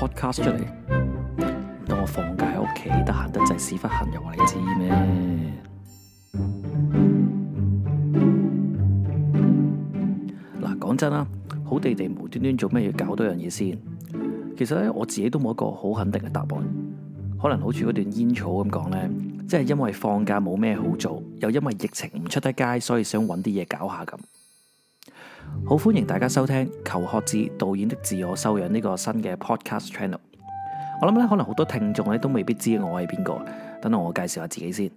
podcast 出嚟，唔通我放假喺屋企，得閒得滯屎忽痕又話你知咩？嗱，講真啦，好地地無端端做咩要搞多樣嘢？先其實咧，我自己都冇一個好肯定嘅答案。可能好似嗰段煙草咁講咧，即係因為放假冇咩好做，又因為疫情唔出得街，所以想揾啲嘢搞下咁。好，歡迎大家收聽《求學之導演的自我修養》呢、呢個新嘅 podcast channel。我諗咧，可能好多聽眾咧都未必知我係邊個，等等我介紹下自己先。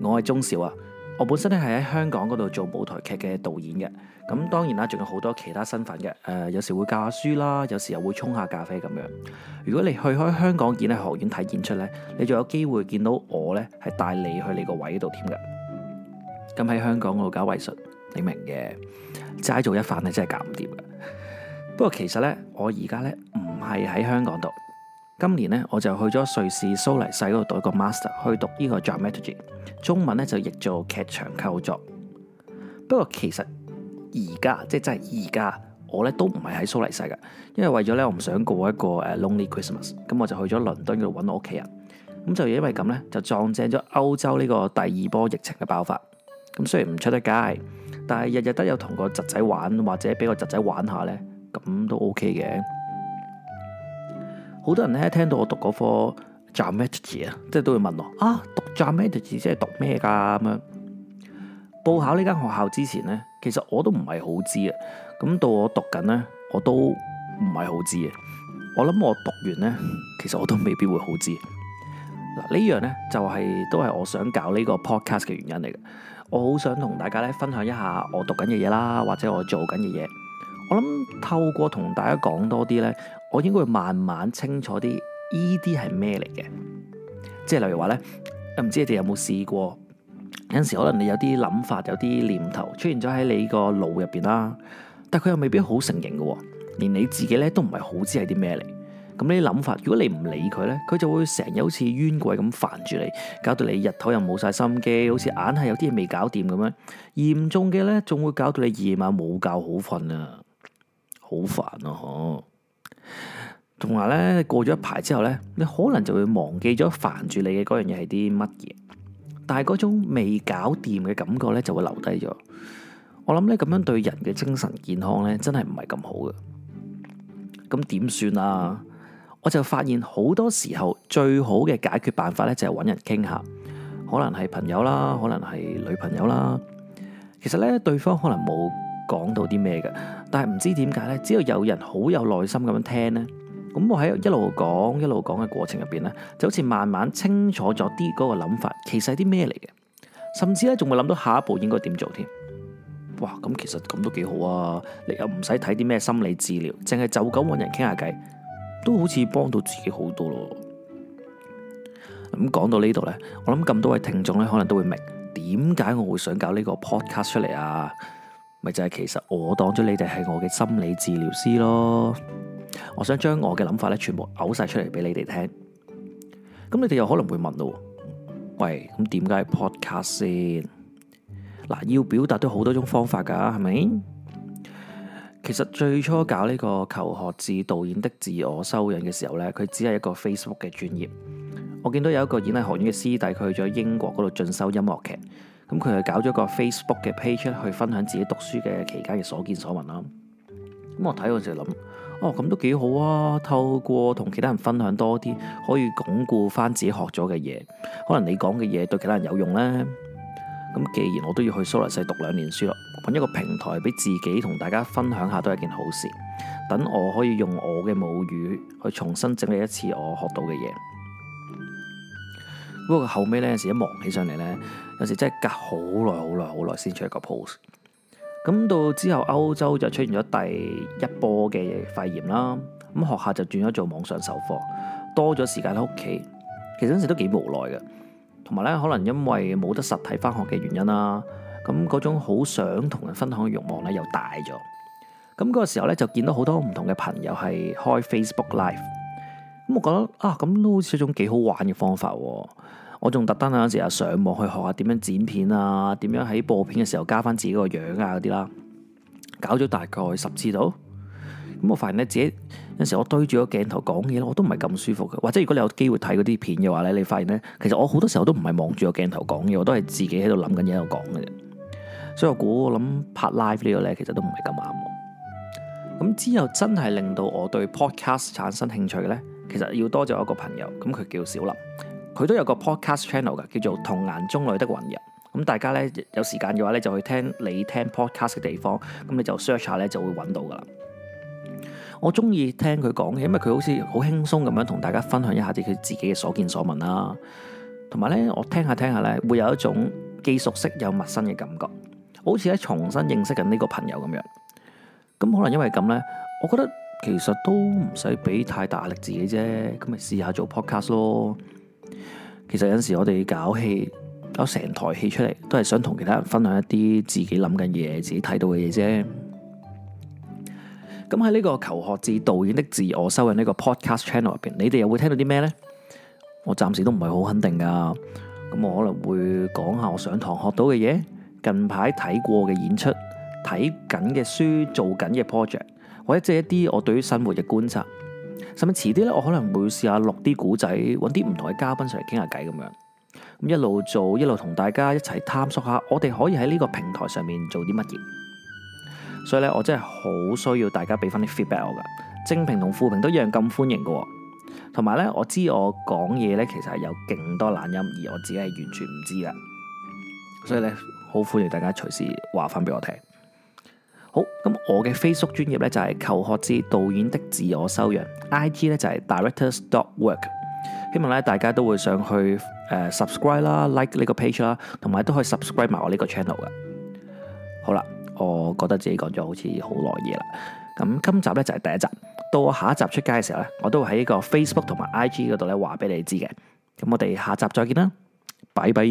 我係鐘肇啊，我本身咧係喺香港嗰度做舞台劇嘅導演嘅。咁當然啦，仲有好多其他身份嘅。誒、呃，有時會教下書啦，有時又會沖下咖啡咁樣。如果你去開香港演藝學院睇演出咧，你仲有機會見到我咧，係帶你去你個位度添㗎。咁喺香港嗰度搞藝術。你明嘅，齋做一飯咧真係搞唔掂嘅。不過其實咧，我而家咧唔係喺香港讀。今年咧我就去咗瑞士蘇黎世嗰度讀一個 master，去讀呢個 dramaturgy，中文咧就譯做劇場構作。不過其實而家即真係而家我咧都唔係喺蘇黎世嘅，因為為咗咧我唔想過一個誒 lonely Christmas，咁我就去咗倫敦嗰度揾我屋企人。咁就因為咁咧就撞正咗歐洲呢個第二波疫情嘅爆發。咁雖然唔出得街。但係日日都有同個侄仔玩，或者俾個侄仔玩下呢，咁都 OK 嘅。好多人呢，聽到我讀嗰科 dramatic 啊，即係都會問我啊，讀 dramatic 即係讀咩噶咁樣？報考呢間學校之前呢，其實我都唔係好知啊。咁到我讀緊呢，我都唔係好知嘅。我諗我讀完呢，其實我都未必會好知。嗱呢樣呢，就係、是、都係我想搞呢個 podcast 嘅原因嚟嘅。我好想同大家咧分享一下我讀緊嘅嘢啦，或者我做緊嘅嘢。我諗透過同大家講多啲咧，我應該會慢慢清楚啲呢啲係咩嚟嘅。即係例如話咧，唔知你哋有冇試過有陣時可能你有啲諗法，有啲念頭出現咗喺你個腦入邊啦，但佢又未必好成形嘅，連你自己咧都唔係好知係啲咩嚟。咁呢啲諗法，如果你唔理佢咧，佢就會成日好似冤鬼咁煩住你，搞到你日頭又冇晒心機，好似硬係有啲嘢未搞掂咁樣。嚴重嘅咧，仲會搞到你夜晚冇覺好瞓啊，好煩啊！嗬。同埋咧，過咗一排之後咧，你可能就會忘記咗煩住你嘅嗰樣嘢係啲乜嘢，但係嗰種未搞掂嘅感覺咧就會留低咗。我諗咧咁樣對人嘅精神健康咧真係唔係咁好嘅。咁點算啊？我就發現好多時候最好嘅解決辦法咧，就係揾人傾下，可能係朋友啦，可能係女朋友啦。其實咧，對方可能冇講到啲咩嘅，但係唔知點解咧，只要有人好有耐心咁樣聽咧，咁我喺一路講一路講嘅過程入邊咧，就好似慢慢清楚咗啲嗰個諗法，其實係啲咩嚟嘅，甚至咧仲會諗到下一步應該點做添。哇！咁其實咁都幾好啊，你又唔使睇啲咩心理治療，淨係就咁揾人傾下偈。都好似幫到自己好多咯。咁講到呢度呢，我諗咁多位聽眾咧，可能都會明點解我會想搞呢個 podcast 出嚟啊？咪就係、是、其實我當咗你哋係我嘅心理治療師咯。我想將我嘅諗法咧，全部嘔晒出嚟俾你哋聽。咁你哋又可能會問咯，喂，咁點解 podcast 先？嗱，要表達都好多種方法噶，係咪？其實最初搞呢個求學至導演的自我修養嘅時候咧，佢只係一個 Facebook 嘅專頁。我見到有一個演藝學院嘅師弟，佢去咗英國嗰度進修音樂劇，咁佢就搞咗個 Facebook 嘅 page 去分享自己讀書嘅期間嘅所見所聞啦。咁、嗯、我睇我就諗，哦，咁都幾好啊！透過同其他人分享多啲，可以鞏固翻自己學咗嘅嘢。可能你講嘅嘢對其他人有用咧。咁既然我都要去蘇黎世讀兩年書咯，揾一個平台俾自己同大家分享下都係件好事。等我可以用我嘅母語去重新整理一次我學到嘅嘢。不過後尾呢，有時一忙起上嚟呢，有時真係隔好耐好耐好耐先出一個 post。咁到之後歐洲就出現咗第一波嘅肺炎啦，咁學校就轉咗做網上授課，多咗時間喺屋企，其實嗰陣時都幾無奈嘅。同埋咧，可能因為冇得實體返學嘅原因啦，咁嗰種好想同人分享嘅欲望咧又大咗。咁嗰個時候咧，就見到好多唔同嘅朋友係開 Facebook Live，咁我覺得啊，咁都好似一種幾好玩嘅方法喎。我仲特登有陣時啊上網去學下點樣剪片啊，點樣喺播片嘅時候加返自己個樣啊嗰啲啦，搞咗大概十次度。咁我發現咧，自己有時我對住個鏡頭講嘢咧，我都唔係咁舒服嘅。或者如果你有機會睇嗰啲片嘅話咧，你發現咧，其實我好多時候都唔係望住個鏡頭講嘢，我都係自己喺度諗緊嘢喺度講嘅啫。所以我估我諗拍 live 呢個咧，其實都唔係咁啱。咁之後真係令到我對 podcast 產生興趣嘅咧，其實要多謝一個朋友。咁佢叫小林，佢都有個 podcast channel 嘅，叫做《童顏中女的雲人》。咁大家咧有時間嘅話咧，就去聽你聽 podcast 嘅地方，咁你就 search 下咧，就會揾到噶啦。我中意聽佢講嘅，因為佢好似好輕鬆咁樣同大家分享一下啲佢自己嘅所見所聞啦，同埋咧我聽下聽下咧，會有一種既熟悉又陌生嘅感覺，好似喺重新認識緊呢個朋友咁樣。咁可能因為咁咧，我覺得其實都唔使俾太大壓力自己啫，咁咪試下做 podcast 咯。其實有陣時我哋搞戲搞成台戲出嚟，都係想同其他人分享一啲自己諗緊嘢、自己睇到嘅嘢啫。咁喺呢個求學至導演的自我修養呢個 podcast channel 入邊，你哋又會聽到啲咩呢？我暫時都唔係好肯定噶，咁我可能會講下我上堂學到嘅嘢、近排睇過嘅演出、睇緊嘅書、做緊嘅 project，或者借一啲我對於生活嘅觀察，甚至遲啲咧，我可能會試下錄啲古仔，揾啲唔同嘅嘉賓上嚟傾下偈咁樣，咁一路做一路同大家一齊探索下，我哋可以喺呢個平台上面做啲乜嘢。所以咧，我真係好需要大家俾翻啲 feedback 我噶，正評同負評都一樣咁歡迎嘅，哦。同埋咧，我知我講嘢咧其實係有勁多懶音，而我自己係完全唔知嘅。所以咧，好歡迎大家隨時話翻俾我聽。好，咁我嘅 Facebook 專頁咧就係、是、求學之導演的自我修養，IG 咧就係 director.sdot.work。希望咧大家都會上去誒、呃、subscribe 啦、like 呢個 page 啦，同埋都可以 subscribe 埋我呢個 channel 嘅。好啦。我覺得自己講咗好似好耐嘢啦，咁今集呢，就係第一集，到我下一集出街嘅時候呢，我都會喺個 Facebook 同埋 IG 嗰度呢話俾你知嘅，咁我哋下集再見啦，拜拜。